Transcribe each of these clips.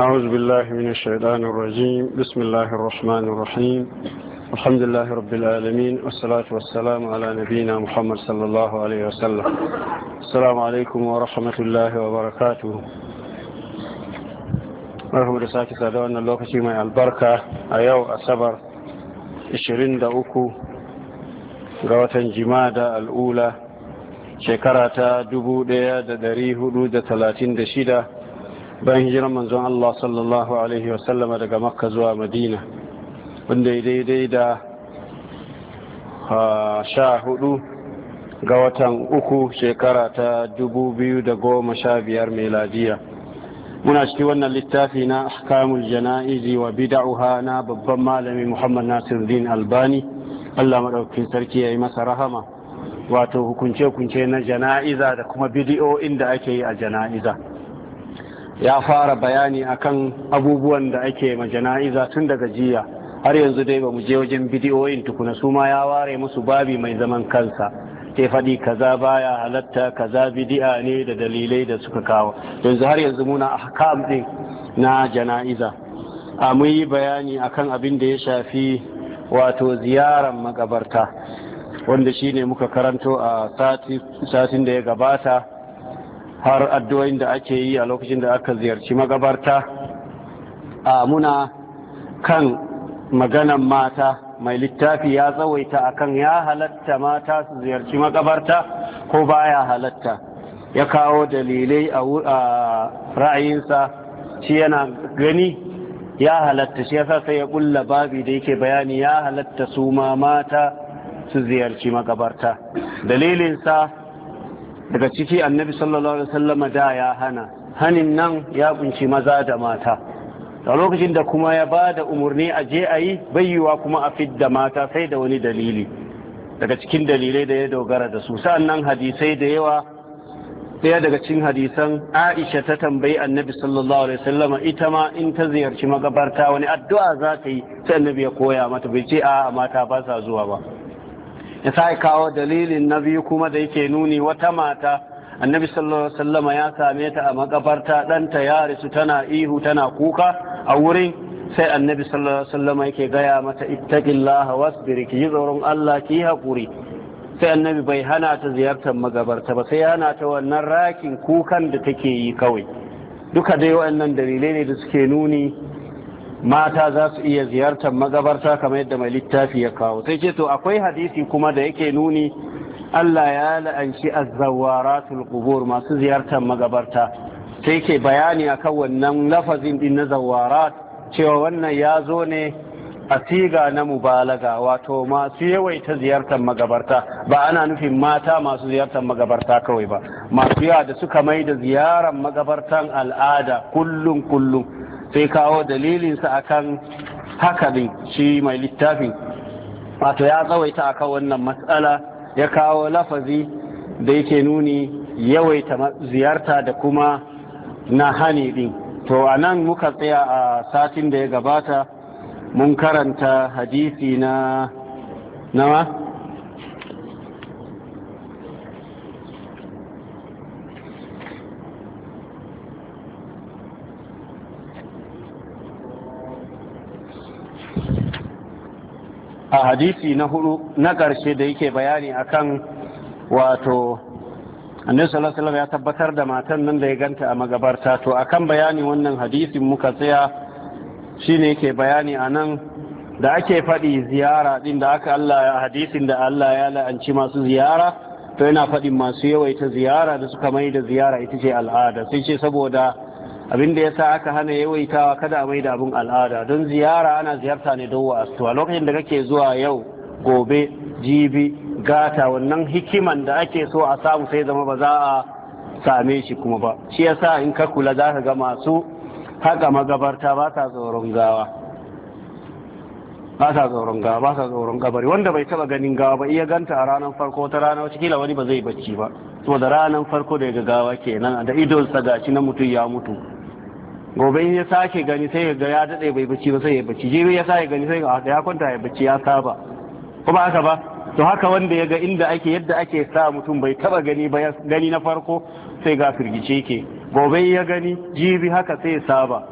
أعوذ بالله من الشيطان الرجيم بسم الله الرحمن الرحيم الحمد لله رب العالمين والصلاة والسلام على نبينا محمد صلى الله عليه وسلم السلام عليكم ورحمة الله وبركاته مرحبا رساكي سادة أن الله كتيمة البركة أيو أسبر إشرين دعوكو غوة جمادة الأولى شكرة دبو ديا دريه دو دتلاتين دشيدة bayan hijiran manzon Allah sallallahu alaihi wasallama daga makka zuwa madina wanda ya daidai da sha hudu ga watan uku shekara ta dubu biyu da goma sha biyar mai meladiya muna ciki wannan littafi na kamun jana'izi wa bida'uha na babban malami muhammad nasiruddin albani allah maɗaukin sarki ya yi masa rahama wato hukunce-hukunce na jana'iza da kuma bidiyo inda ake yi a jana'iza ya fara bayani akan abubuwan da ake ma jana'iza tun daga jiya har yanzu dai ba mu je wajen bidiyoyin tukuna su ma ya ware musu babi mai zaman kansa ke faɗi kaza baya halatta kaza bidi'a ne da dalilai da suka kawo yanzu har yanzu muna a ahkam ɗin na jana'iza a mu yi bayani akan abin da ya shafi wato ziyaran magabarta wanda shine muka karanto a satin da ya gabata har addu'oyin da ake yi a lokacin da aka ziyarci magabarta a muna kan maganan mata mai littafi ya tsawaita akan ya halatta mata su ziyarci magabarta ko baya halatta ya kawo dalilai a ra'ayinsa shi yana gani ya halatta shi yasa sai ya ƙulla babi da yake bayani ya halatta su ma mata su ziyarci magabarta dalilinsa daga ciki annabi sallallahu alaihi wasallam da ya hana hanin nan ya kunshi maza da mata a lokacin da kuma ya ba da umarni a je a yi bayyuwa kuma a fidda mata sai da wani dalili daga cikin dalilai da ya dogara da su sa'annan hadisai da yawa daya daga cikin hadisan Aisha ta tambayi annabi sallallahu alaihi wasallam ita ma in ta ziyarci magabarta wani addu'a za ta yi sai annabi ya koya mata bai ce a mata ba sa zuwa ba ya sa kawo dalilin na biyu kuma da yake nuni wata mata annabi sallallahu alaihi ya same ta a makabarta ɗanta ya rasu tana ihu tana kuka a wurin sai annabi sallallahu alaihi yake gaya mata ittaqillaha wasbir ki tsoron Allah ki hakuri sai annabi bai hana ta ziyartar magabarta ba sai hana ta wannan rakin kukan da take yi kawai duka dai waɗannan dalilai ne da suke nuni mata za su iya ziyartar magabarta kamar yadda mai littafi ya kawo sai ce to akwai hadisi kuma da yake nuni Allah ya la'anci azzawaratul qubur masu ziyartar magabarta sai ke bayani kan wannan lafazin din na zawarat cewa wannan ya zo ne a siga na mubalaga wato masu yawaita ziyartar magabarta ba ana nufin mata masu ziyartar magabarta kawai ba masu yawa da suka mai da ziyarar magabartan al'ada kullum kullum sai kawo dalilinsa akan haka ne shi mai littafin wato ya tsawaita akan wannan matsala ya kawo lafazi da yake nuni yawaita ziyarta da kuma na hane din to a nan muka tsaya a satin da ya gabata mun karanta hadisi na nawa a hadisi na hudu na ƙarshe da yake bayani akan wato annabi sallallahu alaihi ya tabbatar da matan nan da ya ganta a magabarta to akan bayani wannan hadisin muka tsaya shine yake bayani anan da ake faɗi ziyara ɗin da aka Allah hadisin da Allah ya la'anci masu ziyara to yana faɗin masu yawaita ziyara da suka mai da ziyara ita ce al'ada sai ce saboda abin da ya sa aka hana yawaitawa kada a maida abin al'ada don ziyara ana ziyarta ne don tuwa lokacin da kake zuwa yau gobe jibi gata wannan hikiman da ake so a samu sai zama ba za a same shi kuma ba shi yasa in ka kula za ka ga masu haka magabarta ba sa tsoron gawa ba sa tsoron gawa ba sa tsoron kabari wanda bai taba ganin gawa ba iya ganta a ranar farko ta rana wacce kila wani ba zai bacci ba to da ranar farko da ga gawa kenan da idon sa gashi na mutum ya mutu gobe ya sake gani sai ga ya daɗe bai bacci ba sai ya bacci jibi ya sake gani sai ya ah, kwanta ya bacci ya saba kuma ba haka ba to haka wanda ya ga inda ake yadda ake sa mutum bai taba gani ba gani na farko sai ga firgice ke gobe ya gani jibi haka sai ya saba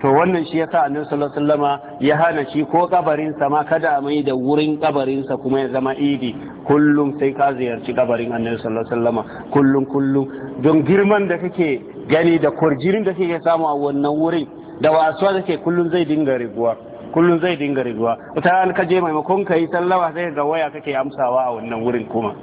to wannan shi yasa annabi sallallahu alaihi wasallama ya hana shi ko kabarin sa ma kada a mai da wurin kabarin sa kuma ya zama idi kullum sai ka ziyarci kabarin annabi sallallahu alaihi wasallama kullum kullum don girman da kake gani da kurjirin da kake samu a wannan wurin da wasuwa da ke kullum zai dinga riguwa kullum zai dinga riguwa wata an ka je maimakon ka yi sai ga waya kake amsawa a wannan wurin kuma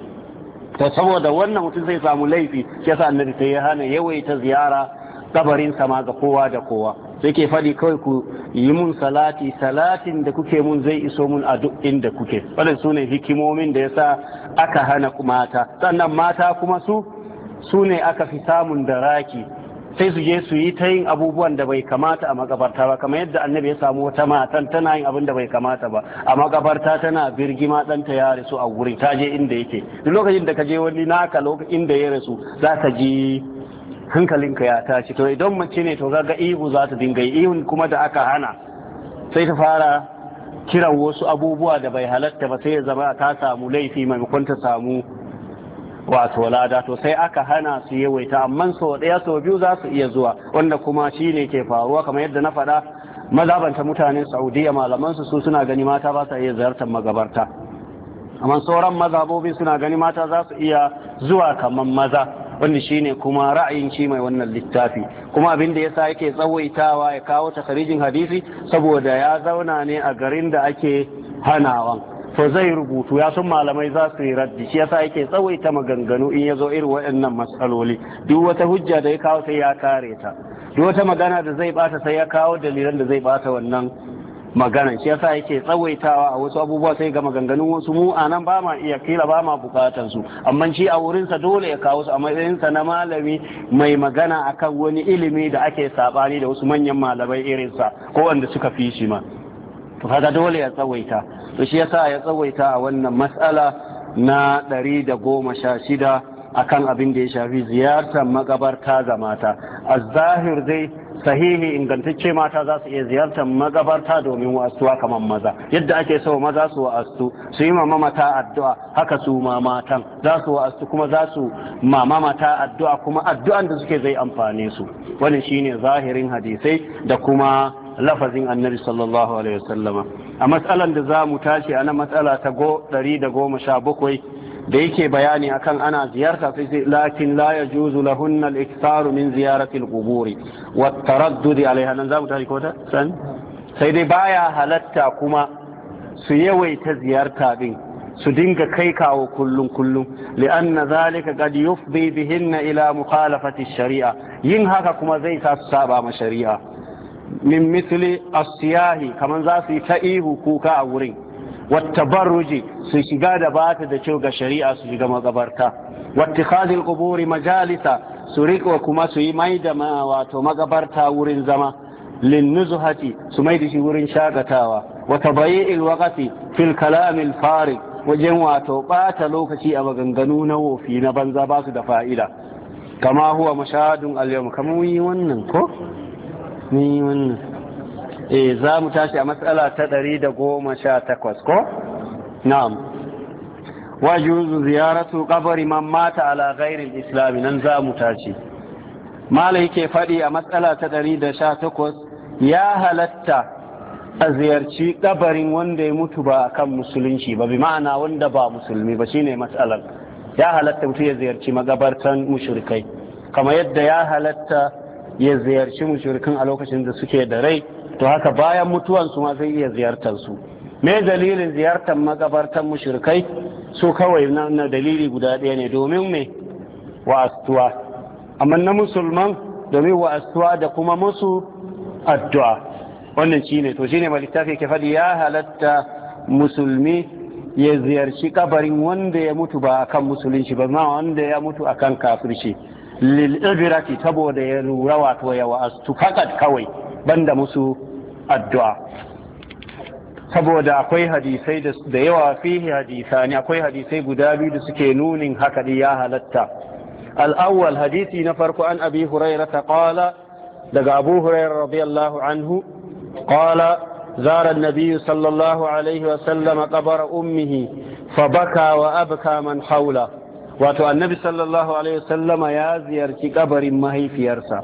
to saboda wannan mutum zai samu laifi yasa annabi sai ya hana yawaita ziyara kabarin sa ma ga kowa da kowa ke faɗi kawai ku yi mun salati salatin da kuke mun zai iso mun a duk inda kuke waɗanda su ne hikimomin da yasa aka hana mata sannan mata kuma su su ne aka fi samun da raki sai su je su yi ta yin abubuwan da bai kamata a magabarta ba kamar yadda annabi ya samu wata matan tana yin abin da bai kamata ba a magabarta tana birgima ɗanta ya rasu a wurin ta je inda yake duk lokacin da ka je wani naka lokacin da ya rasu za ka ji hankalinka ya tashi to idan mace ne to ga ihu za ta dinga ihun kuma da aka hana sai ta fara kiran wasu abubuwa da bai halatta ba sai ya zama ta samu laifi maimakon ta samu wato lada to sai aka hana su yawaita amma sau ɗaya sau biyu za su iya zuwa wanda kuma shine ke faruwa kamar yadda na faɗa mazabanta mutanen saudiya malaman su su suna gani mata ba sa iya ziyartar magabarta amma sauran mazabobi suna gani mata za su iya zuwa kamar maza wanda ne kuma ra'ayin shi mai wannan littafi kuma abin da ya sa yake tsawaitawa ya kawo ta takarijin hadisi saboda ya zauna ne a garin da ake hanawan to zai rubutu ya sun malamai za su yi raddi shi ya yasa yake tsawaita maganganu in ya zo irin waɗannan matsaloli duk wata hujja da ya kawo sai ya kare ta duk wata magana da zai bata sai ya kawo dalilan da zai bata wannan magana shi yasa yake tsawaitawa a wasu abubuwa sai ga maganganun wasu mu a nan ba ma iya kila ba ma bukatar su amma shi a wurinsa dole ya kawo su a matsayin sa na malami mai magana akan wani ilimi da ake sabani da wasu manyan malamai irin sa ko wanda suka fi shi ma to kaga dole ya tsawaita to shi yasa ya tsawaita a wannan matsala na ɗari da goma sha shida akan abin da ya shafi ziyartar makabarta ga mata a zahir dai sahihi ingantacce mata za su iya ziyartar makabarta domin wa'astuwa kamar maza yadda ake so maza su wa'astu su yi mama mata addu'a haka su ma matan za su wa'astu kuma za su mama mata addu'a kuma addu'an da suke zai amfane su wani shine zahirin hadisai da kuma lafazin annabi sallallahu alaihi wasallama a matsalan da za mu tashi a nan matsala ta sha 117 da yake bayani akan ana ziyarta sai sai lakin la yajuzu lahunna al-iktaru min ziyarati al-quburi wa taraddud alaiha nan zamu ko ta san sai dai baya halatta kuma su yawaita ziyarta din su dinga kai kawo kullum kullum li'anna zalika qad yufdi bihinna ila mukhalafati shari'a yin haka kuma zai sa su saba ma shari'a min misli siyahi kaman za su yi ta ihu kuka a wurin والتبرج سيشغا دبات دچوغا شريعة سيشغا مغبرتا واتخاذ القبور مجالسا سريك وكما سي ميدا ما واتو مغبرتا ورين زما للنزهة سميد شي ورين شاغتاوا وتضييع الوقت في الكلام الفارغ وجن واتو بات لوكشي a maganganu na wofi na banza ba su da fa'ida kama huwa mashahadun al-yawm kamar yi wannan ko ni wannan eh za mu tashi a matsala ta ɗari da goma sha takwas ko na'am wa juzu ziyaratu qabri man mata ala ghairi islam nan za mu tashi mala yake faɗi a matsala ta ɗari da sha takwas ya halatta a ziyarci kabarin wanda ya mutu ba kan musulunci ba bi ma'ana wanda ba musulmi ba shine matsalar ya halatta mutu ya ziyarci magabartan mushrikai kama yadda ya halatta ya ziyarci mushrikan a lokacin da suke da rai to haka bayan mutuwan su ma zai iya ziyartar su me dalilin ziyartar magabartan mushrikai su kawai na dalili guda ɗaya ne domin me wa'astuwa amma na musulman domin wa'astuwa da kuma musu addu'a wannan shine to shine ma littafi ke faɗi ya halatta musulmi ya ziyarci kabarin wanda ya mutu ba akan musulunci ba ma wanda ya mutu akan kafirci lil saboda ya lura wato ya wa'astu fakat kawai banda musu addu'a saboda akwai hadisai da yawa fihi hadisani akwai hadisai guda biyu da suke nunin haka ya halatta al'awwal hadisi na farko an abi huraira ta qala daga abu huraira radiyallahu anhu qala zara an-nabiy sallallahu alaihi wa sallam ummihi fabaka wa abka man hawla wato annabi sallallahu alaihi wa ya ziyarci kabarin mahaifiyarsa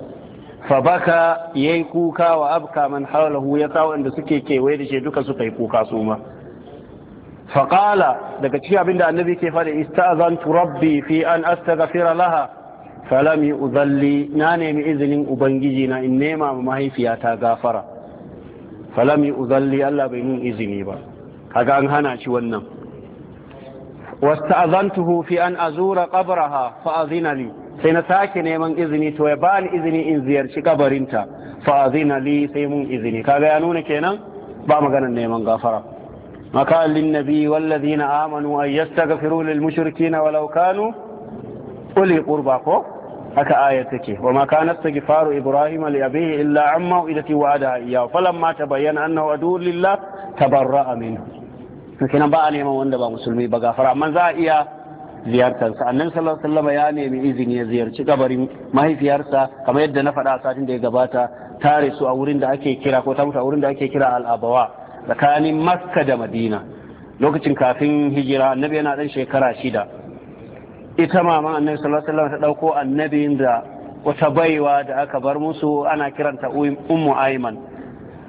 fabaka ya yi kuka wa abka man haulahu ya kawo inda suke kewaye da shi duka suka yi kuka su ma faƙala daga cikin abin da annabi ke faɗi tu rabbi fi an astaghfira laha falam yu'zalli na nemi izinin ubangiji na in nema ma mahaifiyata gafara falam yu'zalli Allah bai mun izini ba kaga an hana shi wannan wasta'zantuhu fi an azura qabraha fa azina li sai na sake neman izini to ya bani izini in ziyarci kabarinta fa azina li sai mun izini kaga ya nuna kenan ba maganar neman gafara makan lin nabi wallazina amanu an yastaghfiru lil mushrikina walau kanu uli qurba ko haka aya take wa ma kana istighfaru ibrahim li abihi illa amma idati wa'ada iya falamma tabayyana annahu adu lillah tabarra'a minhu kenan ba a neman wanda ba musulmi ba gafara amma za a iya ziyartarsa annan sallallahu alaihi ya nemi izini ya ziyarci kabarin mahaifiyarsa kamar yadda na faɗa a satin da ya gabata tare su a wurin da ake kira ko ta mutu a wurin da ake kira al'abawa tsakanin makka da madina lokacin kafin hijira annabi yana dan shekara shida ita ma annabi sallallahu alaihi ta ɗauko annabin da wata baiwa da aka bar musu ana kiranta umm, ummu aiman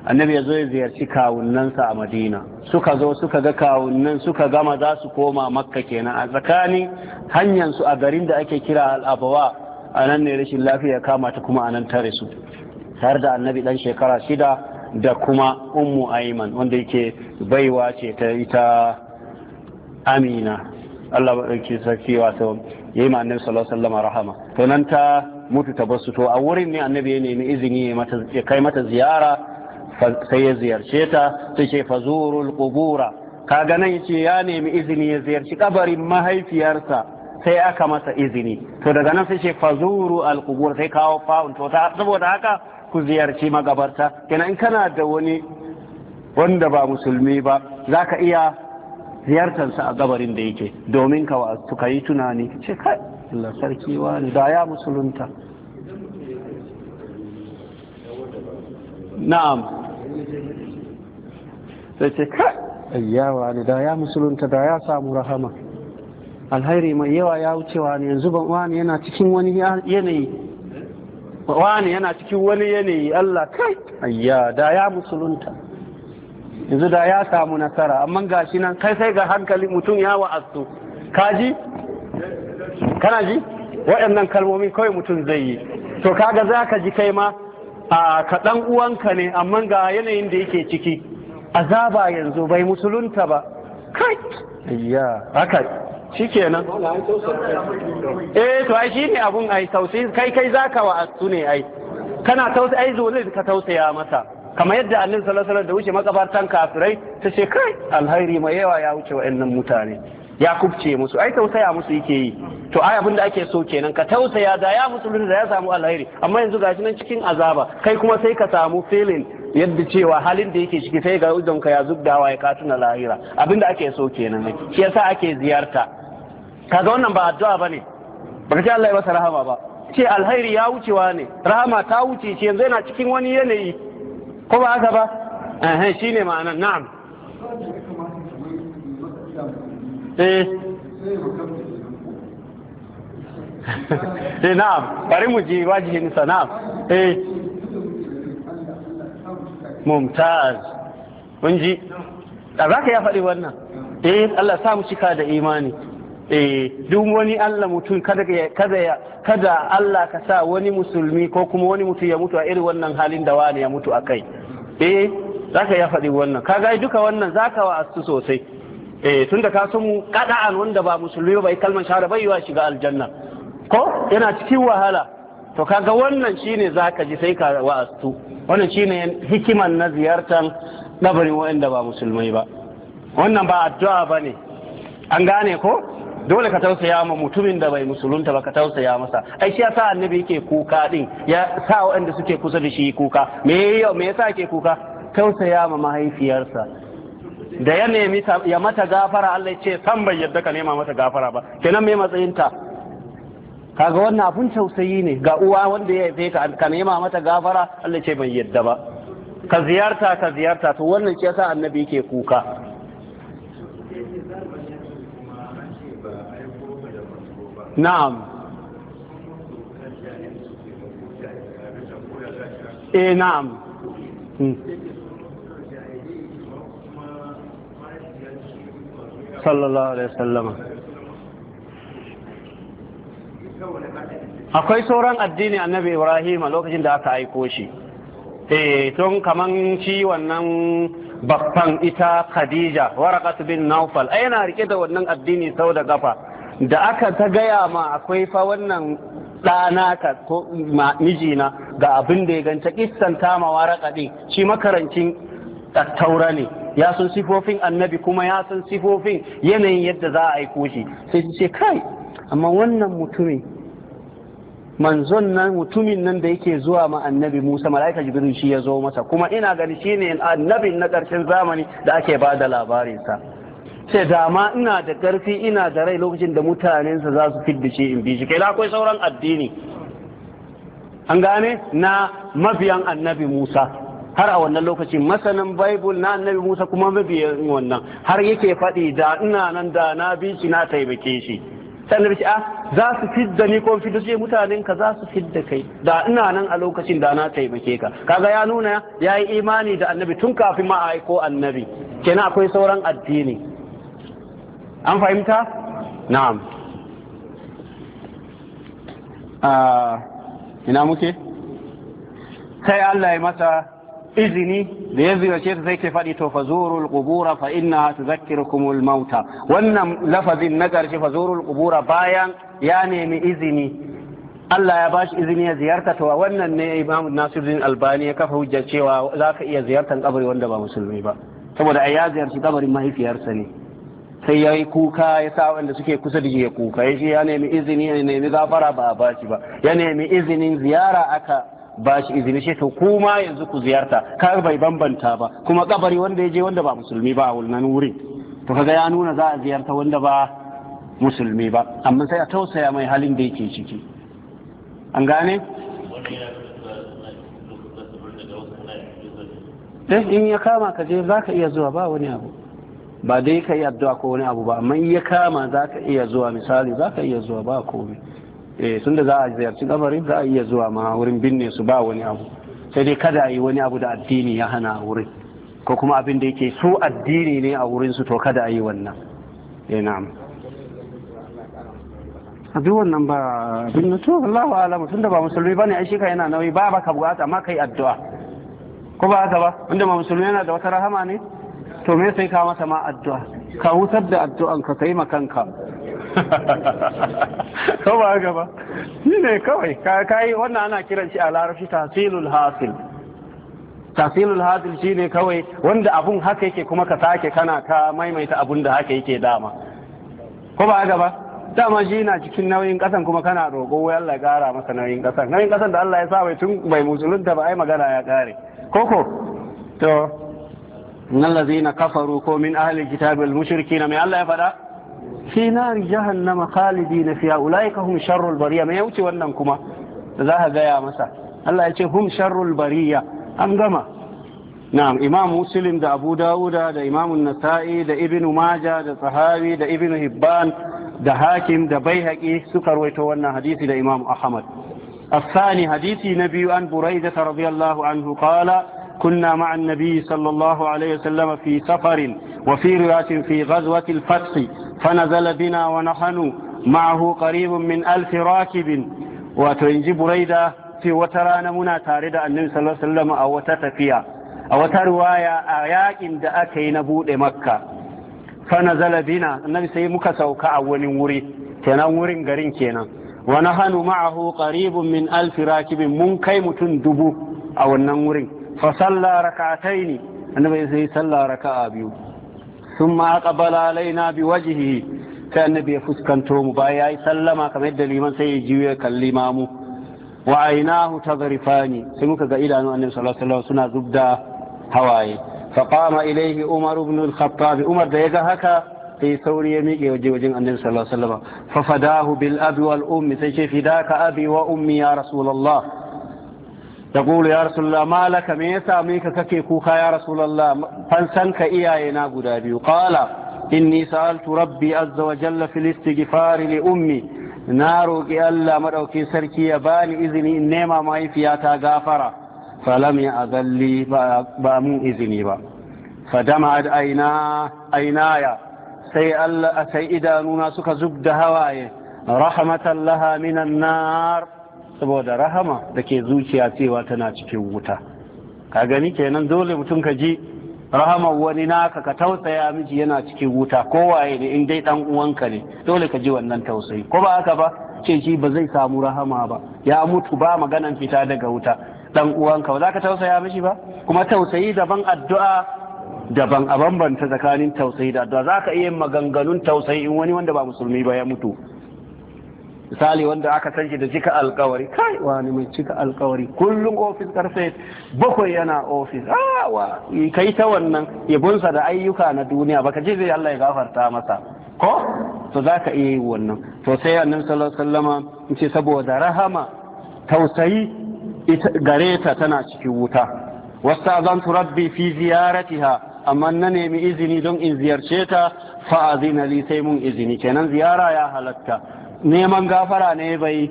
annabi ya zo ya ziyarci kawunansa a madina suka zo suka ga kawunan suka gama za su koma makka kenan a tsakanin hanyarsu a garin da ake kira al'abawa a nan ne rashin lafiya kama ta kuma a nan tare su tare da annabi dan shekara shida da kuma ummu aiman wanda yake baiwa ce ta ita amina allah ɗauki sarki wato ya yi ma annabi sallallahu rahama to nan ta mutu ta basu to a wurin ne annabi ya nemi izini ya kai mata ziyara sai ya ziyarce ta sai ce fazurul kaga nan yace ya nemi izini ya ziyarci kabarin mahaifiyarsa sai aka masa izini to daga nan sai ce fazuru al sai kawo fa'un to saboda haka ku ziyarci magabarta kenan in kana da wani wanda ba musulmi ba zaka iya ziyartarsa a gabarin da yake domin ka wasu yi tunani ce kai Allah sarki wani da ya musulunta na'am sai ce ka ayyawa ne da ya musulunta da ya samu rahama alhairi mai yawa ya wucewa ne yanzu ban wani yana cikin wani yanayi wani yana cikin wani yanayi Allah kai ayya da ya musulunta yanzu da ya samu nasara amma ga shi nan kai sai ga hankali mutum ya wa'astu kaji kana ji waɗannan kalmomi kawai mutum zai yi to kaga za ka ji kai ma a kaɗan uwanka ne amma ga yanayin da yake ciki azaba yanzu bai musulunta ba kai ayya haka nan. eh to ai shi ne abun ai tausayi kai kai zaka wa asu ne ai kana tausayi ai zo ne ka tausaya masa kamar yadda annin salasalar da wuce makabartan kafirai ta ce kai alhairi mai yawa ya wuce nan mutane ya kubce musu ai tausaya musu yake yi to ai abin ake so kenan ka tausaya da ya musulun da ya samu alheri amma yanzu gashi nan cikin azaba kai kuma sai ka samu feeling yadda cewa halin da yake ciki sai ga ka ya zubdawa ya katuna lahira abinda da ake so kenan shi yasa ake ziyarta kaga wannan ba addu'a bane baka ce Allah ya masa rahama ba ce alheri ya wucewa ne rahama ta wuce shi yanzu yana cikin wani yanayi ko ba haka ba eh shine ma'anar na'am eh eh na'am bari mu ji wajihin sa na'am eh mumtaz mun ji da zaka ya faɗi wannan eh Allah sa mu cika da imani eh duk wani Allah mutum kada kada kada Allah ka sa wani musulmi ko kuma wani mutum ya mutu a irin wannan halin da wani ya mutu akai eh zaka ya faɗi wannan kaga duka wannan zaka wa astu sosai eh tunda ka samu kada'an wanda ba musulmi ba kalmar shahada bai yiwa shiga aljanna ko yana cikin wahala to kaga wannan shine zaka ji sai ka wa'astu wannan shine hikiman na ziyartar dabarin wanda ba musulmai ba wannan ba addu'a bane an gane ko dole ka tausaya ma mutumin da bai musulunta ba ka tausaya masa ai shi yasa annabi yake kuka din ya sa waɗanda suke kusa da shi kuka me me yasa yake kuka tausaya ma mahaifiyarsa da ya nemi ya mata gafara Allah ya ce san bai yadda ka nema mata gafara ba kenan me matsayinta kaga wannan abun tausayi ne ga uwa wanda ya haife ka ka nema mata gafara Allah ya ce bai yadda ba ka ziyarta ka ziyarta to wannan ke yasa annabi yake kuka na'am eh na'am hmm. sallallahu alaihi wasallam akwai sauran addini annabi ibrahim a lokacin da aka aiko shi eh tun kaman shi wannan babban ita khadija warakat bin nawfal ai yana rike da wannan addini sau da gafa da aka ta gaya ma akwai fa wannan ɗana ka ko mijina ga abin da ya ganta kissan tama waraka ɗin shi makarancin tattaura ne ya san sifofin annabi kuma ya san sifofin yanayin yadda za a aiko shi sai su ce kai amma wannan mutumin manzon nan mutumin nan da yake zuwa ma annabi Musa malaika Jibril shi ya zo masa kuma ina gani ne annabin na ƙarshen zamani da ake ba da labarinsa ce dama ina da ƙarfi ina da rai lokacin da mutanensa za su fidda shi in bi shi kai akwai sauran addini an gane na mabiyan annabi Musa har a wannan lokaci masanin bible na annabi musa kuma mabiyan wannan har yake faɗi da ina nan da na bi shi na taimake shi sannan ce a ah, za su fidda ni ko fidda sai eh, mutanen ka za su fidda kai da ina nan a lokacin da na taimake ka kaga ya nuna ya yi imani da annabi tun kafin ma aiko annabi kenan akwai sauran addini an fahimta na'am ah, ina muke sai Allah ya masa izini da ya ziyarce ta sai ke faɗi to fazurul qubura fa innaha tudhakkirukumul mauta wannan lafazin na ƙarshe fazurul qubura bayan ya nemi izini Allah ya bashi izini ya ziyarta to wannan ne Imam Nasiruddin Albani ya kafa hujjar cewa za ka iya ziyartar kabari wanda ba musulmi ba saboda ai ya ziyarci kabarin mahaifiyarsa ne sai ya yi kuka ya sa wanda suke kusa da ya kuka ya ya nemi izini ya nemi gafara ba a bashi ba ya nemi izinin ziyara aka ba shi izini shi to kuma yanzu ku ziyarta kar bai bambanta ba kuma kabari wanda ya je wanda ba musulmi ba a wannan wurin to kaga ya nuna za a ziyarta wanda ba musulmi ba amma sai a tausaya mai halin da yake ciki an gane eh in ya kama ka je za ka iya zuwa ba wani abu ba dai ka yi addu'a ko wani abu ba amma in ya kama za ka iya zuwa misali za ka iya zuwa ba komai eh tun da za a ziyarci kabari za a iya zuwa ma wurin binne su ba wani abu sai dai kada a yi wani abu da addini ya hana a wurin ko kuma abin da yake su addini ne a wurin su to kada a yi wannan eh na'am a duk wannan ba abin na to Allah wa alamu tunda ba musulmi bane ai shi ka yana nauyi ba baka bukata amma kai addu'a ko ba haka ba inda ma musulmi yana da wata rahama ne to me sai ka masa ma addu'a ka hutar da addu'an ka kai ma kanka ko ba gaba shi ne kawai kayi wannan ana kiran shi a larafi tasilul hasil tasilul hasil shi ne kawai wanda abun haka yake kuma ka sake kana ka maimaita abun da haka yake dama ko ba gaba dama shi na cikin nauyin kasan kuma kana roƙo wai Allah ya masa nauyin kasan nauyin kasan da Allah ya sa bai tun bai musulunta ba ai magana ya ƙare koko to nan lazina kafaru ko min ahli kitabil mushrikin mai Allah ya faɗa fi nari jahannama khalidina fiha ulaika hum sharrul bariya me ya wuce wannan kuma da za ka gaya masa Allah ya ce hum sharrul bariya an gama na'am imam muslim da abu dawuda da imam nasa'i da ibnu maja da sahabi da ibnu hibban da hakim da baihaqi suka rawaito wannan hadisi da imam ahmad الثاني حديثي نبي عن بريدة رضي الله عنه قال كنا مع النبي صلى الله عليه وسلم في سفر وفي رواية في غزوة الفتح فنزل بنا ونحن معه قريب من ألف راكب وتنجي بريدة في وترانا منا تارد النبي صلى الله عليه وسلم أو تتفيا أو تروايا آيات دا أكي نبوء مكة فنزل بنا النبي سيمك سوك أول وري كنا ورين غرين كنا ونحن معه قريب من ألف راكب من كي متندبو أو النمورين fa salla rak'ataini annabi sai salla raka'a biyu thumma aqbala alaina wajihi. sai annabi ya fuskanto mu bayan yayi sallama kamar yadda liman sai ya juye kalli mamu wa ainahu tazrifani sai muka ga idanu annabi sallallahu alaihi wasallam suna zubda hawaye fa qama ilaihi umar ibn al-khattab umar da yaga haka sai sauri ya miƙe waje wajen annabi sallallahu alaihi wasallam fa fadahu bil abi wal ummi sai ce fidaka abi wa ummi ya rasulullah taqulu ya rasulullah malaka me yasa me ka kake kuka ya rasulullah san ka iyaye na guda biyu qala inni sa'altu rabbi azza wa jalla fil istighfar li ummi na roki Allah madauki sarki ya bani izini in nema mahaifiyata gafara falam ya azalli ba mun izini ba fadama aina ainaya sai Allah sai idanuna suka zubda hawaye rahmatan laha minan nar saboda rahama da ke zuciya cewa tana cikin wuta ka gani kenan dole mutum ka ji rahamar wani naka ka tausaya miji yana cikin wuta Ko waye ne in dai dan uwanka ne dole ka ji wannan tausayi ko ba haka ba ce shi ba zai samu rahama ba ya mutu ba maganan fita daga wuta dan uwanka ba za ka tausaya mishi ba kuma tausayi daban addu'a daban a bambanta tsakanin tausayi da addu'a za ka iya maganganun tausayi in wani wanda ba musulmi ba ya mutu misali wanda aka san shi da cika alkawari kai wani mai cika alkawari kullum ofis karfe bakwai yana ofis awa ah, kai ta wannan yabonsa da ayyuka na duniya baka ce zai Allah ya gafarta masa ko to za ka iya yi wannan to sai annabi sallallahu ce saboda rahama tausayi gare ta tana cikin wuta wasta'azantu rabbi fi ziyaratiha amma na nemi izini don in ziyarce ta fa'azina li sai mun izini kenan ziyara ya halatta neman gafara ne bai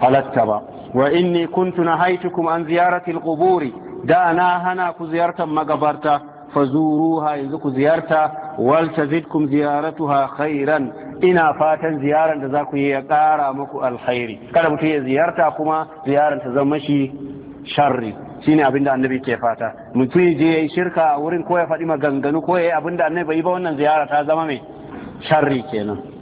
halatta ba wa inni kuntu nahaitukum an ziyarati alquburi da na hana ku ziyartar magabarta fazuruha yanzu ku ziyarta wal tazidkum ziyaratuha khairan ina fatan ziyaran da za ku yi ya ƙara muku alkhairi kada mutum ya ziyarta kuma ziyaran ta zama shi sharri shine abinda annabi ke fata mutum je ya shirka a wurin ko ya faɗi maganganu ko ya yi abinda annabi bai ba wannan ziyara ta zama mai sharri kenan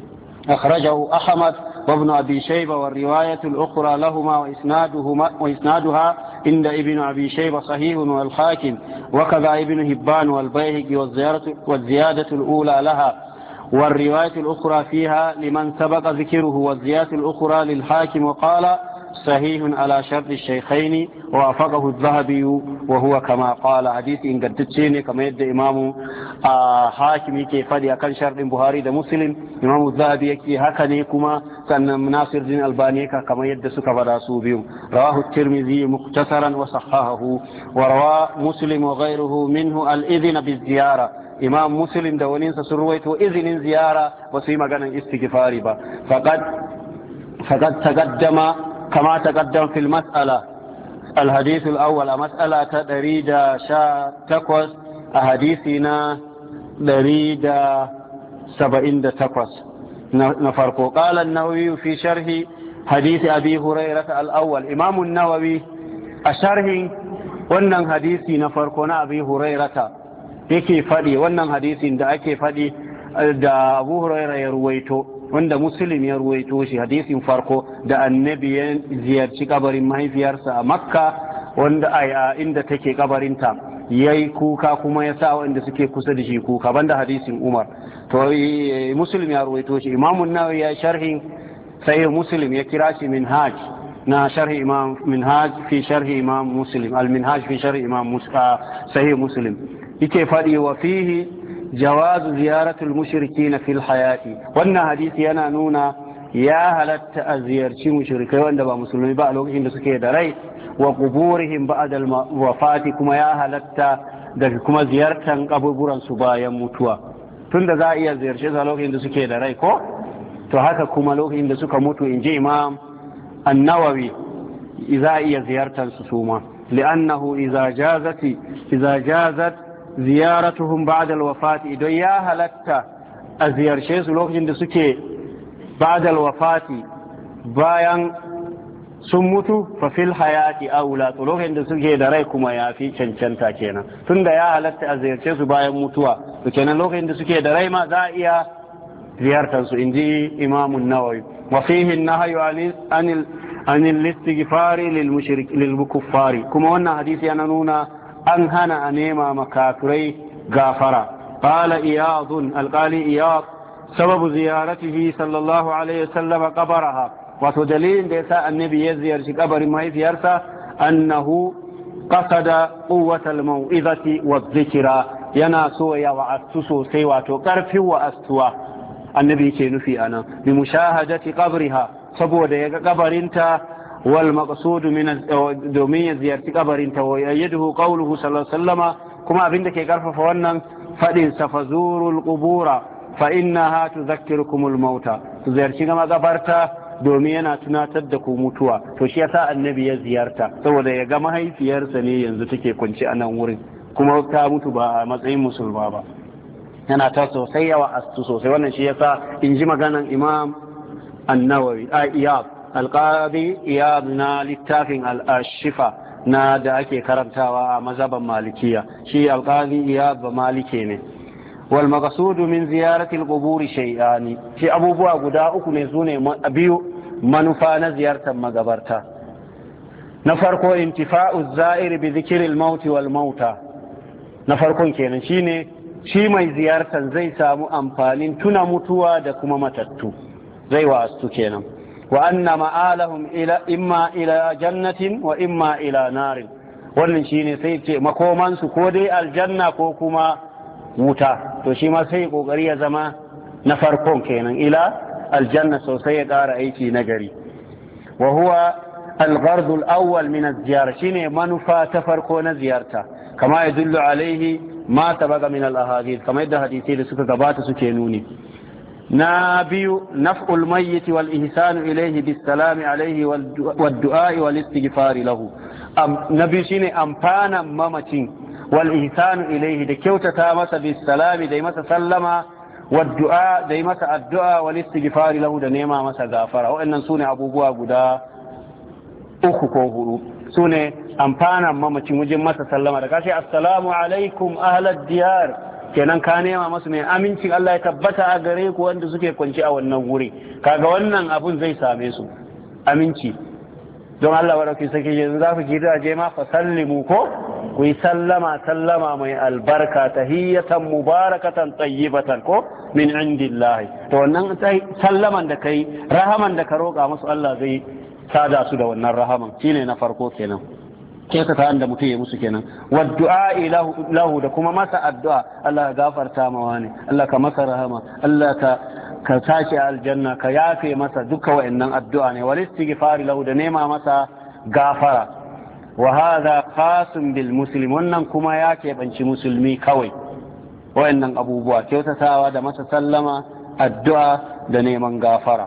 أخرجه أحمد وابن أبي شيبة والرواية الأخرى لهما وإسنادهما وإسنادها عند ابن أبي شيبة صحيح والحاكم وكذا ابن هبان والبيهقي والزيارة والزيادة الأولى لها والرواية الأخرى فيها لمن سبق ذكره والزيادة الأخرى للحاكم وقال صحيح على شرط الشيخين وافقه الذهبي وهو كما قال حديث إن قد تشيني كما يد إمام حاكم كيف كان شرط بخاري ده مسلم إمام الذهبي يكي هكذا كما سن ناصر الدين الباني كما يد سكبر سوبيو رواه الترمذي مختصرا وصححه وروى مسلم وغيره منه الإذن بالزيارة imam muslim da waninsa sun ruwaito izinin ziyara ba su yi maganan istighfari ba faqad faqad taqaddama كما تقدم في المسألة الحديث الأول مسألة تدريد شا تقوس أحاديثنا دريد سبعين تقوس نفرق قال النووي في شرح حديث أبي هريرة الأول إمام النووي الشرح wannan hadisi na farko na abi hurairata yake faɗi wannan hadisin da ake faɗi da abu huraira ya ruwaito wanda muslim ya ruwaito shi hadisin farko da annabi ya ziyarci kabarin mahaifiyarsa a makka wanda a inda take kabarinta ya yi kuka kuma ya sa wanda suke kusa da shi kuka banda hadisin umar to eh, eh, muslim ya ruwaito shi imamun nawawi ya sharhi sai muslim ya kira shi minhaj na sharhi imam minhaj fi sharhi imam muslim al minhaj fi sharhi imam sahih muslim yake faɗi wa fihi jawazu ziyaratul na fil hayati wannan hadisi yana nuna ya halatta a ziyarci mushrikai wanda ba musulmi ba a lokacin da suke da rai wa quburihim ba'da wafati kuma ya halatta da kuma ziyartan kabuburansu bayan mutuwa tunda za a iya ziyarce su a lokacin da suke da rai ko to haka kuma lokacin da suka mutu in ji imam annawawi za a iya ziyartar su suma li'annahu idza jazati idza ziyaratuhum ba'da al-wafati idan ya halatta a ziyarce su lokacin da suke ba'da al-wafati bayan sun mutu fa fil hayati aula to lokacin da suke da rai kuma ya fi cancanta kenan tunda ya halatta a ziyarce su bayan mutuwa to kenan lokacin da suke da rai ma za a iya ziyartar su inji imamu nawawi wa fihi nahyu anil anil istighfari lil mushrik lil kuma wannan hadisi yana nuna an hana a nema makafirai gafara qala iyadun alkali iya sababu ziyaratihi sallallahu alaihi wasallam qabaraha wato dalilin da yasa annabi ya ziyarci kabarin mahaifiyarsa annahu qasada quwwat almau'izati wadh-dhikra yana so ya wa'astu sosai wato karfin wa'astuwa annabi yake nufi anan bi mushahadati qabriha saboda ya ga kabarinta wal maqsudu domin ya ziyarci kabarin ta wa yayyiduhu qawluhu sallallahu alaihi wasallama kuma abinda ke karfafa wannan fadin sa fazurul qubura fa innaha tudhakkirukumul mauta ku ziyarci gama gabarta domin yana tunatar da ku mutuwa to shi yasa annabi ya ziyarta saboda ya ga mahaifiyarsa ne yanzu take kunci a nan wurin kuma ta mutu ba a matsayin musulma ba yana ta sosai yawa astu sosai wannan shi yasa in ji maganan imam annawawi a alƙadi iyad na littafin al'ashifa na da ake karantawa a mazaban malikiya shi alƙadi iyad ba malike ne wal maqsudu min ziyarati al shay'ani shi abubuwa guda uku ne sune biyu manufa na ziyartar magabarta na farko intifa'u za'ir bi dhikri al wal mauta na farkon kenan shine shi mai ziyartar zai samu amfanin tuna mutuwa da kuma matattu zai wasu kenan وأن مآلهم إلى إما إلى جنة وإما إلى نار wannan shi ne sai ce makomansu ko dai aljanna ko kuma wuta to shi ma sai kokari ya zama na farkon kenan ila aljanna sosai ya ƙara aiki na gari wa huwa alghardul awwal min az-ziyara shine manufa ta farko na ziyarta kama ya yadullu alaihi ma tabaga min al-ahadith kama yadda hadisi da suka gabata suke nuni na biyu naf'ul mayyit wal ihsanu ilayhi bis salami alayhi wad du'a wal istighfar lahu na biyu shine amfanan mamacin wal ihsanu ilayhi da kyautata masa bis salami da masa sallama wad du'a da masa addu'a wal istighfar lahu da nema masa gafara wa'annan sune abubuwa guda uku ko hudu sune amfanan mamacin wajen masa sallama da kashi assalamu alaikum ahlad diyar kenan ka nema masu mai amincin Allah ya tabbata a gare ku wanda suke kwanci a wannan guri kaga wannan abun zai same su aminci don Allah rafi sake yanzu za ku gidaje ma fa sallimu ko ku yi sallama sallama mai albarka tahiyatan mubarakatan tayyibatan ko min indillahi to wannan sallaman da kai rahaman da ka roƙa masu Allah zai sada su da wannan rahaman shine na farko kenan kyautata da mutum ya musu kenan wa du'a lahu da kuma masa addu'a Allah ka gafarta mawa ne Allah ka masa rahama Allah ka ka aljanna ka yafe masa duka wa'annan addu'a ne wal istighfari lahu da nema masa gafara wa hadha khasun bil muslim wannan kuma ya keɓanci musulmi kawai wa'annan abubuwa kyautatawa da masa sallama addu'a da neman gafara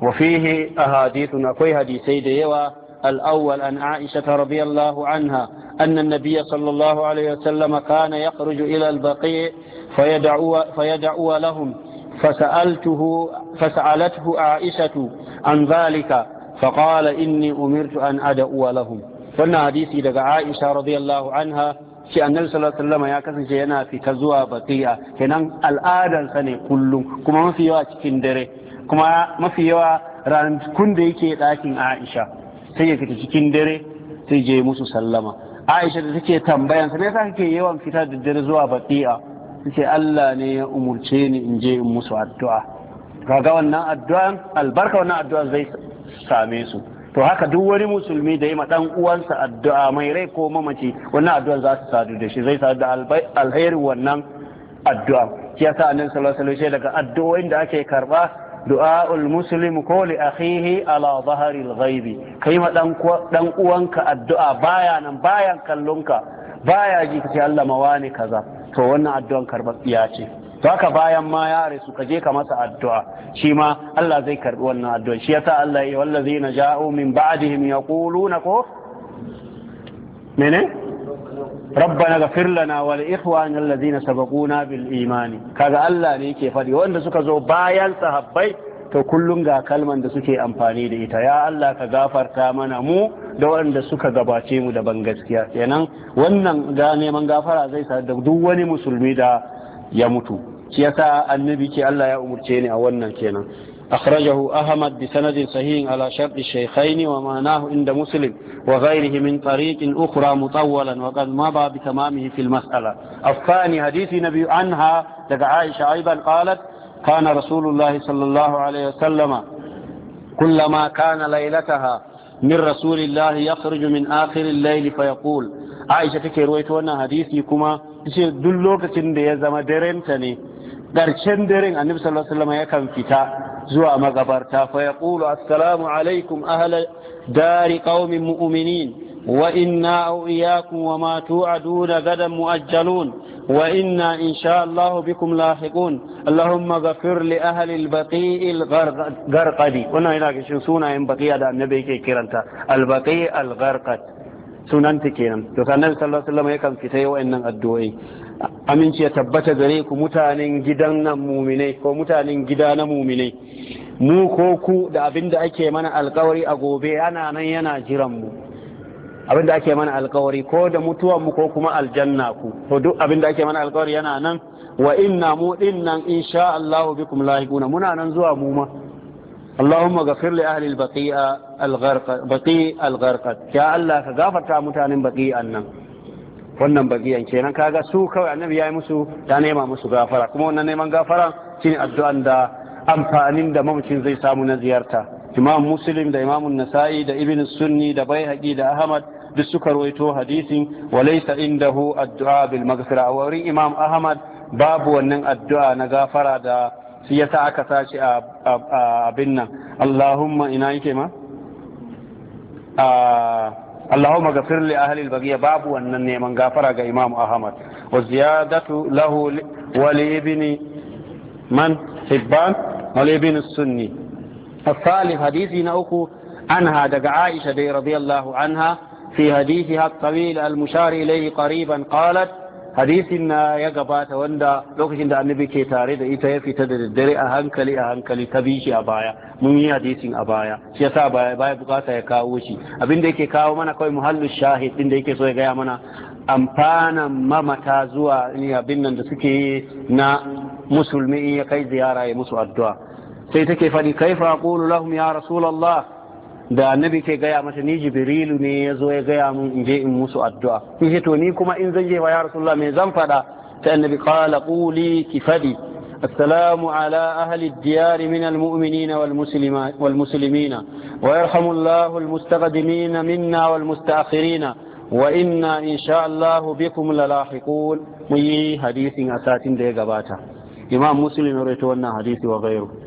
wa fihi ahadithun akwai hadisai da yawa الأول أن عائشة رضي الله عنها أن النبي صلى الله عليه وسلم كان يخرج إلى البقيع فيدعو, فيدعو لهم فسألته فسألته عائشة عن ذلك فقال إني أمرت أن أدعو لهم فأنا حديثي لك عائشة رضي الله عنها shi annabi sallallahu alaihi wasallam ya kasance yana fita zuwa baqiya kenan al'adarsa ne kullum kuma mafi yawa cikin dare kuma mafi yawa ranakun da yake ɗakin Aisha sai ya fita cikin dare sai je musu sallama aisha da take tambayan sa me yasa kake yawan fita da dare zuwa baqi'a sai Allah ne ya umurce ni in je in musu addu'a kaga wannan addu'an albarka wannan addu'an zai same su to haka duk wani musulmi da ya ma dan uwansa addu'a mai rai ko mamaci wannan addu'an za su sadu da shi zai sadu da alherin wannan addu'a kiyasa nan annabi sallallahu alaihi wasallam daga addu'o'in da ake karba du'a'ul muslim ko li akhihi ala zaharil ghaibi kai ma dan dan uwanka addu'a baya nan bayan kallonka baya ji kace Allah mawani kaza to wannan addu'an karbabiya ce to haka bayan ma ya rasu ka je ka masa addu'a shi ma Allah zai karbi wannan addu'a shi yasa Allah ya wallazina ja'u min ba'dihim yaquluna ko mene rabbana ghafir lana wal ikhwana alladhina sabaquna bil imani kaga Allah ne ke faɗi wanda suka zo bayan sahabbai to kullum ga kalman da suke amfani da ita ya Allah ka gafarta mana mu da wanda suka gabace mu da ban gaskiya kenan wannan ga neman gafara zai sa da duk wani musulmi da ya mutu shi yasa annabi ke Allah ya umurce ni a wannan kenan أخرجه أحمد بسند صحيح على شرط الشيخين ومعناه عند مسلم وغيره من طريق أخرى مطولا وقد مضى بتمامه في المسألة الثاني حديث نبي عنها لك عائشة أيضا قالت كان رسول الله صلى الله عليه وسلم كلما كان ليلتها من رسول الله يخرج من آخر الليل فيقول عائشة تكي رويتونا حديثي كما دلوك سند يزم درنتني ƙarshen النبي صلى الله عليه وسلم yakan fita zuwa magabarta fa yaqulu assalamu alaikum ahla dari qaumin mu'minin wa inna aw iyyakum wa ma tu'aduna gadan mu'ajjalun وإنا إن شاء الله بكم لاحقون اللهم غفر لأهل البقيء الغرقدي وانا هناك شن سونا إن بقية دا النبي كي كيرانتا البقيء الغرقد سننتي كيران لكن النبي صلى الله عليه وسلم يكن في تيو إنن الدوئي aminci ya tabbata gare ku mutanen gidan nan muminai ko mutanen gida na muminai mu ko ku da abin da ake mana alkawari a gobe ana nan yana jiran mu abin da ake mana alkawari ko da mutuwan mu ko kuma aljanna ku to duk abin da ake mana alkawari yana nan wa inna mu din nan insha Allah bikum lahiquna muna nan zuwa mu ma اللهم غفر لأهل البقيع الغرق بقيع الغرقد يا الله كغفرت متان بقيع nan. wannan bagiyan kenan kaga su kawai annabi ya yi musu ya nema musu gafara kuma wannan neman gafara shine addu'an da amfanin da mamucin zai samu na ziyarta imam muslim da imam nasa'i da ibn sunni da baihaqi da ahmad duk suka rawaito hadisin laysa indahu addu'a bil maghfira wa wurin imam ahmad babu wannan addu'a na gafara da shi yasa aka sace a abin nan allahumma ina yake ma a Allahumma ghafir li ahli al babu wannan neman gafara ga Imam Ahmad wa ziyadatu lahu wa li ibni man Hibban wa li ibni Sunni الثالث حديثي نأكو عنها دق عائشة رضي الله عنها في حديثها الطويل المشار إليه قريبا قالت hadisin na ya gabata wanda lokacin da annabi ke tare da ita ya fita da daddare a hankali a hankali ta bi shi a baya mun yi hadisin a baya shi yasa baya baya bukata ya kawo shi abin da yake kawo mana kawai muhallu shahid din da yake so ya gaya mana amfana mamata zuwa ni abin nan da suke na musulmi ya kai ziyara ya musu addu'a sai take faɗi kaifa aqulu lahum ya rasulullah da annabi ke gaya mata ni jibrilu ne ya zo ya gaya mun inje in musu addu'a in ce to kuma in zanje wa ya rasulullah me zan faɗa ta annabi qala quli kifadi assalamu ala ahli diyar min almu'minina wal muslima wal muslimina wa yarhamu allah almustaqdimina minna wal musta'khirina wa inna insha allah bikum lalahiqun mu yi hadisin a satin da ya gabata imam muslim ya rawaito wannan hadisi wa gairu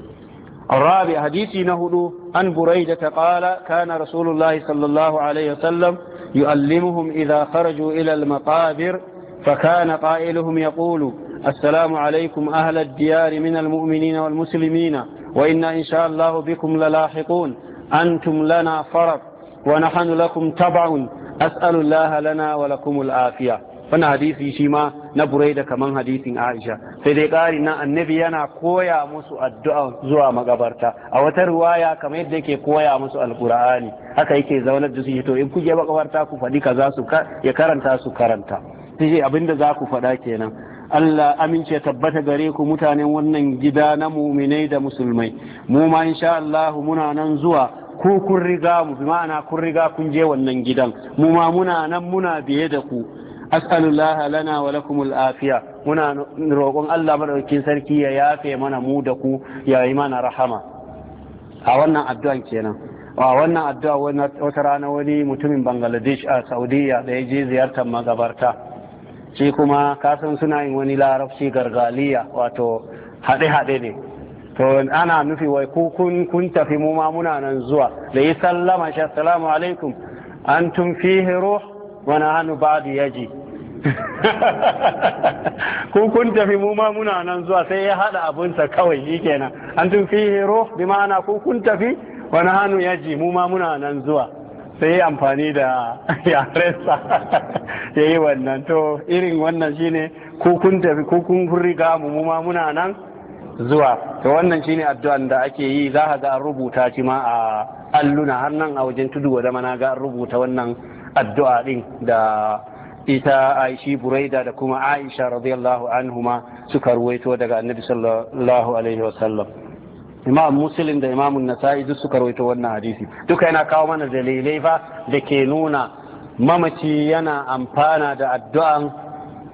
الرابع حديثي نهدو عن بريدة قال كان رسول الله صلى الله عليه وسلم يؤلمهم إذا خرجوا إلى المقابر فكان قائلهم يقول السلام عليكم أهل الديار من المؤمنين والمسلمين وإنا إن شاء الله بكم للاحقون أنتم لنا فرق ونحن لكم تبع أسأل الله لنا ولكم العافية فانا حديثي شيما na buraida kaman hadisin aisha sai dai ƙari na annabi yana koya musu addu'a zuwa magabarta a wata riwaya kamar yadda yake koya musu alqur'ani haka yake zaunar da su to in kuje magabarta ku faɗi za su ya karanta su karanta sai da za ku faɗa kenan Allah amince tabbata gare ku mutanen wannan gida na muminai da musulmai mu ma insha Allah muna nan zuwa ku kun riga mu bi ma'ana kun riga kun je wannan gidan mu ma muna nan muna biye da ku as'alullaha lana wa lakum al'afiya muna roƙon Allah madaukakin sarki ya yafe mana mu da ku ya yi mana rahama a wannan addu'an kenan a wannan addu'a wata rana wani mutumin Bangladesh a Saudiya da ya je ziyartar magabarta shi kuma kasan suna yin wani larabci gargaliya wato haɗe-haɗe ne to ana nufi wai kun kun tafi mu ma muna nan zuwa da yi sallama shi assalamu alaikum antum fihi ruh wani hannu ba'adu ya ji kun kun tafi mu ma muna nan zuwa sai ya haɗa abinsa kawai shi kenan an tun fi hero bi ma'ana kun tafi wani hannu ya ji mu ma muna nan zuwa sai ya amfani da yarensa ya yi wannan to irin wannan shi ne kun tafi kun riga mu mu ma muna nan zuwa to wannan shi ne addu'an da ake yi za a ga an rubuta shi ma a alluna har nan a wajen tudu wa zama na ga an rubuta wannan addu'a ɗin da ita aishi buraida da kuma aisha radiyallahu anhuma suka ruwaito daga annabi sallallahu alaihi wasallam imam muslim da imam nasa'i duk suka ruwaito wannan hadisi duka yana kawo mana dalilai fa da ke nuna mamaci yana amfana da addu'an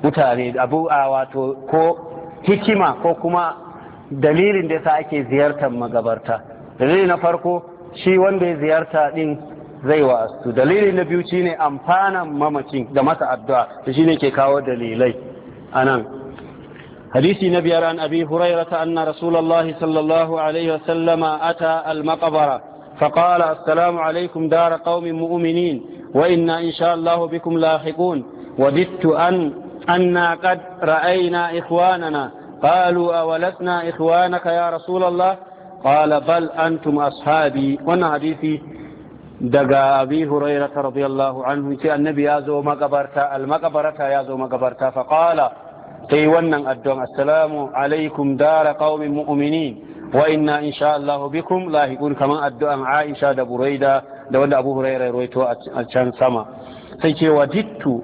mutane abu a wato ko hikima ko kuma dalilin da yasa ake ziyartar magabarta dalili na farko shi wanda ya ziyarta din zai wasu dalili na biyu shine amfanan mamacin da masa addu'a to shine ke kawo dalilai anan hadisi na biyar an abi ta anna rasulullahi sallallahu alaihi wasallama ata al فقال السلام عليكم دار قوم مؤمنين وإنا إن شاء الله بكم لاحقون وددت أن أنا قد رأينا إخواننا قالوا أولتنا إخوانك يا رسول الله قال بل أنتم أصحابي حديثي daga abi hurairah radiyallahu anhu ce annabi ya zo makabarta almakabarata ya zo makabarta fa qala sai wannan addu'an assalamu alaikum dara qaumin mu'minin wa inna insha Allah bikum lahiqun kaman addu'an Aisha da Buraida da wanda Abu ya rawaito a can sama sai ce wa dittu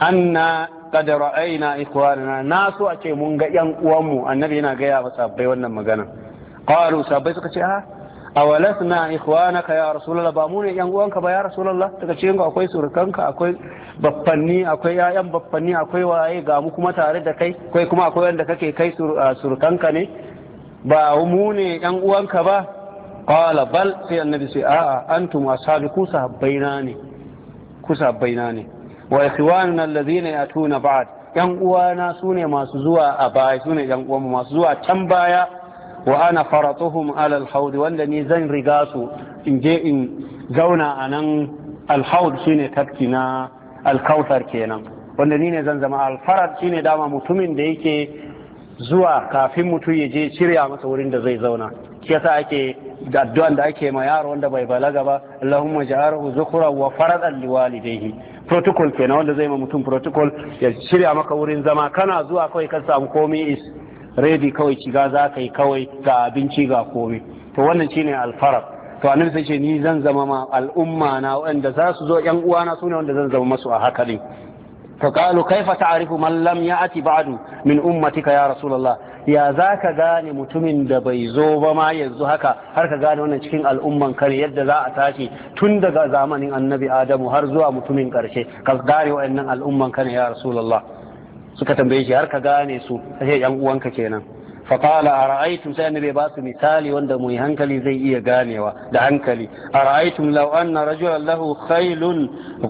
anna qad ra'ayna ikhwanana na so a ce mun ga yan uwanmu annabi yana gaya wa sabbai wannan magana qalu sabbai suka ce a ah, awalasna ikhwanaka ya rasulullah ba mu ne yan uwanka ba ya rasulullah daga cikin ku akwai surukanka akwai baffanni akwai yayan baffanni akwai waye ga mu kuma tare da kai kai kuma akwai wanda kake kai surukanka ne ba mu ne yan uwanka ba qala bal sai annabi sai a'a antum ashabi ku sahabbaina ne ku sahabbaina ne wa ikhwanuna alladhina yatuna ba'd yan uwana sune masu zuwa a baya sune yan uwanmu masu zuwa can baya wa ana faratuhum ala alhaud wanda ni zan riga su in je in zauna a nan alhaud shine tafki na alkautar kenan wanda ni ne zan zama alfarat shine dama mutumin da yake zuwa kafin mutum ya je shirya masa wurin da zai zauna shi yasa ake da addu'an da ake ma yaro wanda bai balaga ba Allahumma ja'alhu zukhra wa faradan liwalidayhi protocol kenan wanda zai ma mutum protocol ya shirya maka wurin zama kana zuwa kawai ka samu komai redi kawai shiga za ka yi kawai ga abinci ga komai to wannan shine alfarab to annabi sai ce ni zan zama ma al'umma na wanda za su zo yan uwana sune wanda zan zama masu a haka ne to qalu kaifa ta'rifu man lam ya'ti ba'du min ummatika ya rasulullah ya za ka gane mutumin da bai zo ba ma yanzu haka har ka gane wannan cikin al'umman kare yadda za a tashi tun daga zamanin annabi adamu har zuwa mutumin karshe ka gane wa'annan al'umman kare ya rasulullah suka tambaye shi har ka gane su sai yan uwanka kenan fa qala ara'aytum sai annabi ba su misali wanda mu hankali zai iya ganewa da hankali ara'aytum law anna rajulan lahu khaylun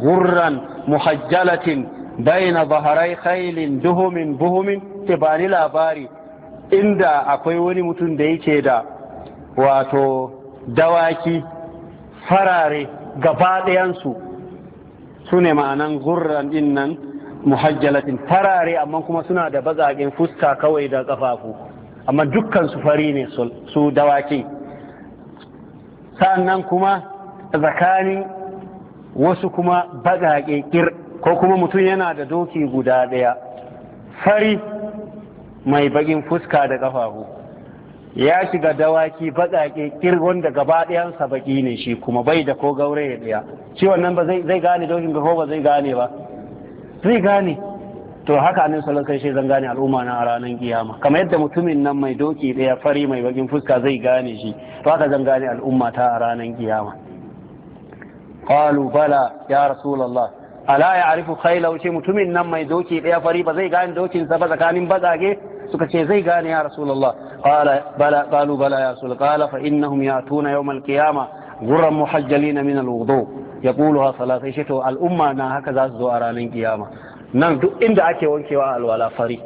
ghurran muhajjalatin baina dhahray khaylin duhumin buhumin tibani labari inda akwai wani mutum da yake da wato dawaki farare gaba ɗayansu su ne ma'anan gurran dinnan. muhajjalatin farare amma kuma suna da bazaƙin fuska kawai da ƙafafu amma dukkan su fari ne su dawaki sa'annan kuma tsakanin wasu kuma bazaƙe kir ko kuma mutum yana da doki guda ɗaya fari mai baƙin fuska da ƙafafu ya shiga dawaki bazaƙe kir wanda gaba ɗayansa baƙi ne shi kuma bai da ko ya ɗaya shi wannan ba zai gane dokin ba ko ba zai gane ba zai gane to haka annabi sallallahu alaihi wasallam zan gane al'umma na a ranar kiyama kamar yadda mutumin nan mai doki daya fari mai bakin fuska zai gane shi to haka zan gane al'umma ta a ranar kiyama qalu bala ya rasulullah ala ya ya'rifu khayla ce mutumin nan mai doki daya fari ba zai gane dokin sa ba tsakanin bazage suka ce zai gane ya rasulullah qala bala qalu bala ya rasul qala fa innahum ya'tuna yawm al-qiyamah ghurran muhajjalina min al-wudu' ya ƙulu hasala sai shi to al'umma na haka za su zo a ranar kiyama nan duk inda ake wankewa alwala fari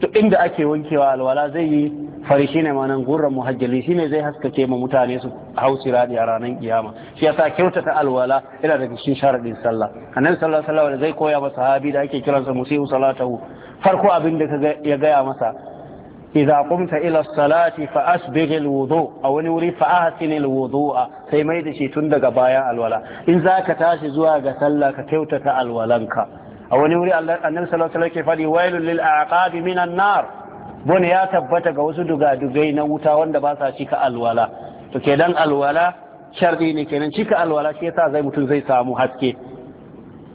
duk inda ake wankewa alwala zai yi fari shine ma nan gurran muhajjali shine zai haskake ma mutane su hau siradi a ranar kiyama shi yasa kyautata alwala yana daga cikin ɗin sallah annabi Sallah Sallah wanda zai koya masa sahabi da ake kiransa musihu salatahu farko abin da ya gaya masa idza qumta ila salati fa asbigh alwudu a wani wuri fa ahsin alwudu'a sai mai da shi tun daga bayan alwala in zaka tashi zuwa ga sallah ka kyautata alwalanka a wani wuri annabi sallallahu alaihi ke fadi wailul lil aqab minan nar bone ya tabbata ga wasu dugadugai na wuta wanda ba sa cika alwala to kenan alwala sharri ne kenan cika alwala shi yasa zai mutum zai samu haske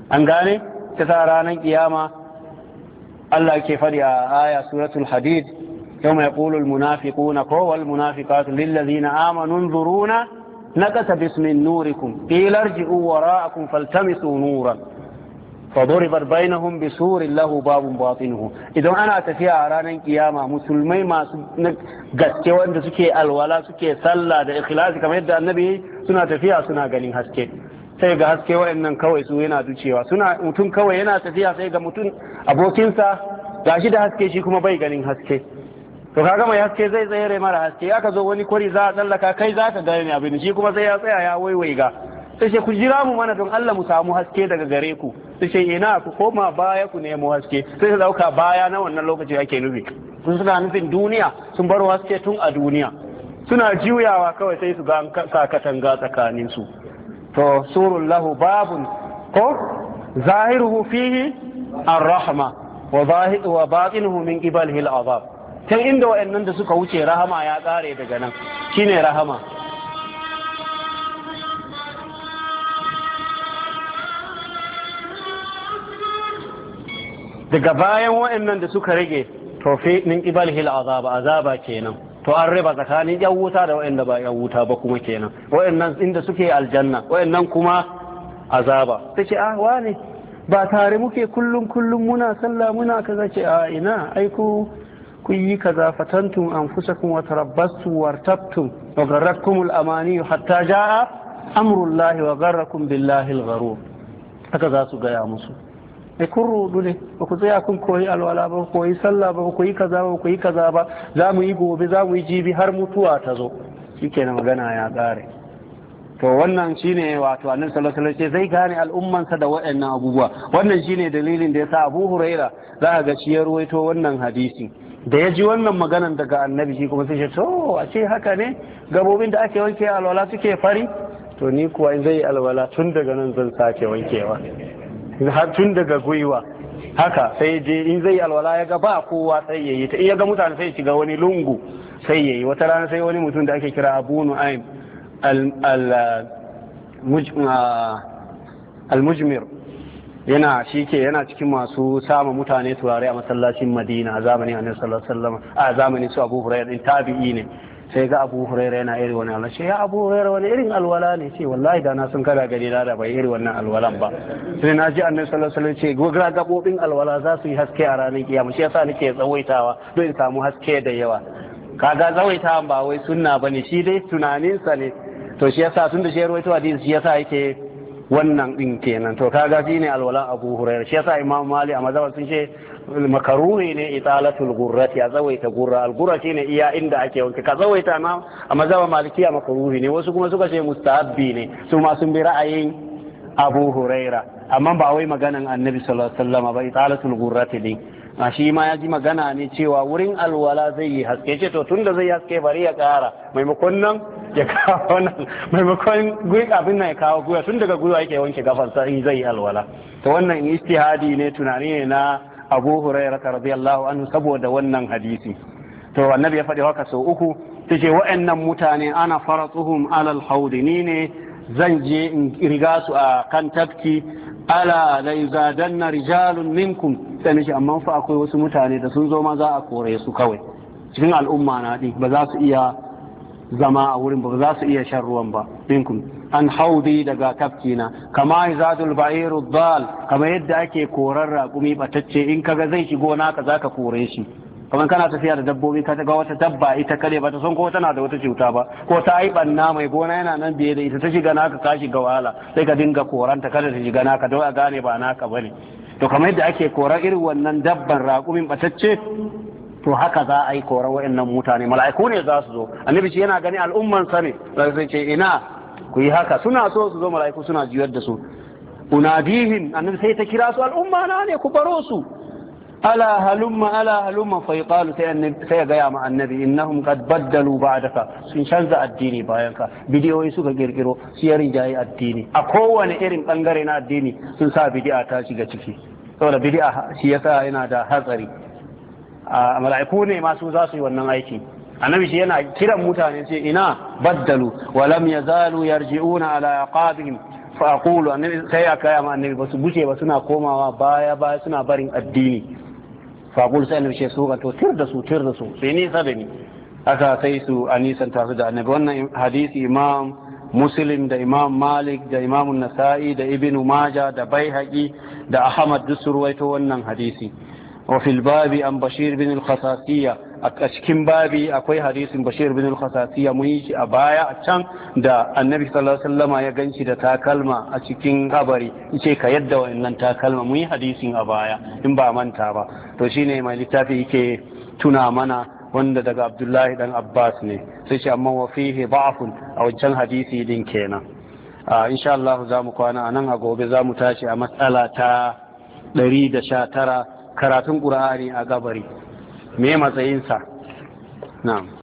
an gane ta ranar kiyama Allah ke fadi a aya suratul hadid يوم يقول المنافقون كو والمنافقات للذين آمنوا انظرونا نكتبس من نوركم قيل ارجعوا وراءكم فالتمسوا نورا فضربت بينهم بسور له باب باطنه إذا أنا تفيا رانا قيامة مسلمين ما gaske wanda suke alwala suke sallah da ikhlasi kamar yadda annabi suna tafiya suna ganin haske sai ga haske wayannan kawai su yana ducewa suna mutum kawai yana tafiya sai ga mutum abokinsa gashi da haske shi kuma bai ganin haske to kaga mai haske zai tsere mara haske aka zo wani kwari za a tsallaka kai za ka gane abin shi kuma sai ya tsaya ya ga sai ku jira mu mana don Allah mu samu haske daga gare ku sai ina ku koma baya ku nemo haske sai su dauka baya na wannan lokaci ake nufi sun suna nufin duniya sun bar haske tun a duniya suna juyawa kawai sai su ga sa katanga tsakanin su to surul lahu babun ko zahiruhu fihi ar-rahma wa zahiru wa batinuhu min qibalihi al-azab can inda wa'annan da suka wuce rahama ya ƙare daga nan shine rahama daga bayan wa'annan da suka rage tofe ƙibar hila azaba azaba kenan to an raba tsakanin yan wuta da wa'anda ba yan wuta ba kuma kenan wa'annan inda suke aljanna wa'annan kuma azaba ta ce ah wane ba tare muke kullum kullum muna sallah muna kaza ce a ah, ina aiku kun yi kaza fatantum anfusakum wa tarabbastum wa tartabtum wa gharrakum al-amani hatta jaa amrullahi wa gharrakum billahi al haka za su gaya musu E kun rudu ne ba ku tsaya kun koyi alwala ba ku yi sallah ba ku yi kaza ba ku yi kaza ba za mu yi gobe za mu yi jibi har mutuwa ta zo shikenan magana ya kare to wannan shine wato annabi sallallahu alaihi wasallam zai gane al'ummansa da waɗannan abubuwa wannan shine dalilin da yasa Abu Huraira za a ga shi ya ruwaito wannan hadisi da ya ji wannan maganan daga annabi shi kuma sai ya to a ce haka ne gabobin da ake wanke alwala suke fari to ni kuwa in zai alwala tun daga nan zan sake wankewa har tun daga gwiwa haka sai je in zai alwala ya ga ba kowa sai yayi ta in ya ga mutane sai shiga wani lungu sai yayi wata rana sai wani mutum da ake kira Abu nu'aim al yana shi ke yana cikin masu sama mutane turare a masallacin madina a zamanin annabi sallallahu alaihi a zamanin su abu hurairah din tabi'i ne sai ga abu hurairah yana irin wani alwala sai ya abu hurairah wani irin alwala ne ce wallahi da na sun kada gari na da bai irin wannan alwalan ba sai na ji annabi sallallahu alaihi wasallam ce gogara gabobin alwala za su yi haske a ranar kiyama shi yasa nake tsawaitawa don in samu haske da yawa kaga tsawaitawa ba wai sunna bane shi dai tunaninsa ne to shi yasa tun da shi ruwaito hadisi shi yasa yake wannan din kenan to kaga shi ne alwala abu hurairah shi yasa imam mali a mazhabin sun ce makaruhi ne italatul gurrati a zawaita gurra al gurra shine iya inda ake wanke ka zawaita na a mazhabin malikiya makaruhi ne wasu kuma suka ce mustahabbi ne su ma sun bi ra'ayin abu hurairah amma ba wai maganan annabi sallallahu alaihi wasallam ba italatul gurrati din a shi ma ya ji magana ne cewa wurin alwala zai yi haske ce to tunda zai haske bari ya kara maimakon nan ya kawo nan maimakon gurin abin nan ya kawo guya tun daga guya yake wanke gafar in zai yi alwala to wannan istihadi ne tunani ne na Abu Hurairah radiyallahu anhu saboda wannan hadisi to annabi ya faɗi haka sau uku tace wa'annan mutane ana faratsuhum alal haudi ne zan je in riga su a kan tafki ala la yuzadanna rijalun minkum sai shi amma fa akwai wasu mutane da sun zo ma za a kore su kawai cikin al'umma na din ba za su iya zama a wurin ba za su iya shan ruwan ba minkum an haudi daga tafki na, kama izadul ba'iru dal kama yadda ake korar raƙumi batacce in kaga zai shigo naka zaka kore shi kamar kana tafiya da dabbobi ka ga wata dabba ita kare ba ta son ko tana da wata cuta ba ko ta yi banna mai gona yana nan biye da ita ta shiga naka ka shiga wahala sai ka dinga koranta kada ta shiga naka don a gane ba naka bane to kamar yadda ake korar irin wannan dabban raƙumin batacce to haka za a yi koran wa'annan mutane mala'iku ne za su zo annabi ce yana gani al'umman sa ne sai ce ina ku yi haka suna so su zo mala'iku suna jiyar da su unadihin annabi sai ta kira su al'umma na ne ku baro su ala halumma ala halumma fa sai annabi sai ga ya ma annabi innahum qad baddalu ba'daka sun canza addini bayan ka bidiyoyi suka kirkiro su ya rinjaye addini a kowane irin bangare na addini sun sa bidi'a ta shiga ciki saboda bidi'a shi yasa yana da hatsari a mala'iku ne masu za su yi wannan aiki annabi shi yana kiran mutane sai ina baddalu wa lam yazalu yarji'una ala aqabihim fa aqulu annabi sai aka yi annabi basu gushe ba suna komawa baya baya suna barin addini faƙul sai annabi ce su ga tir da su tir da su sai nisa da ni aka sai su a nisanta su da annabi wannan hadisi imam muslim da imam malik da imam nasa'i da ibn maja da baihaqi da ahmad duk su ruwaito wannan hadisi wa fil babi an bashir bin al-khasasiyya a cikin babi akwai hadisin bashir bin al-khasasiya mun yi shi a baya a can da annabi sallallahu alaihi wasallama ya ganci da takalma a cikin kabari yace ka yadda wannan takalma mun yi hadisin a baya in ba manta ba to shine mai littafi yake tuna mana wanda daga abdullahi dan abbas ne sai shi amma wa fihi da'fun a wancan hadisi din kenan insha Allah za mu kwana nan a gobe za mu tashi a matsala ta 119 karatun qur'ani a gabari me matsayinsa na'am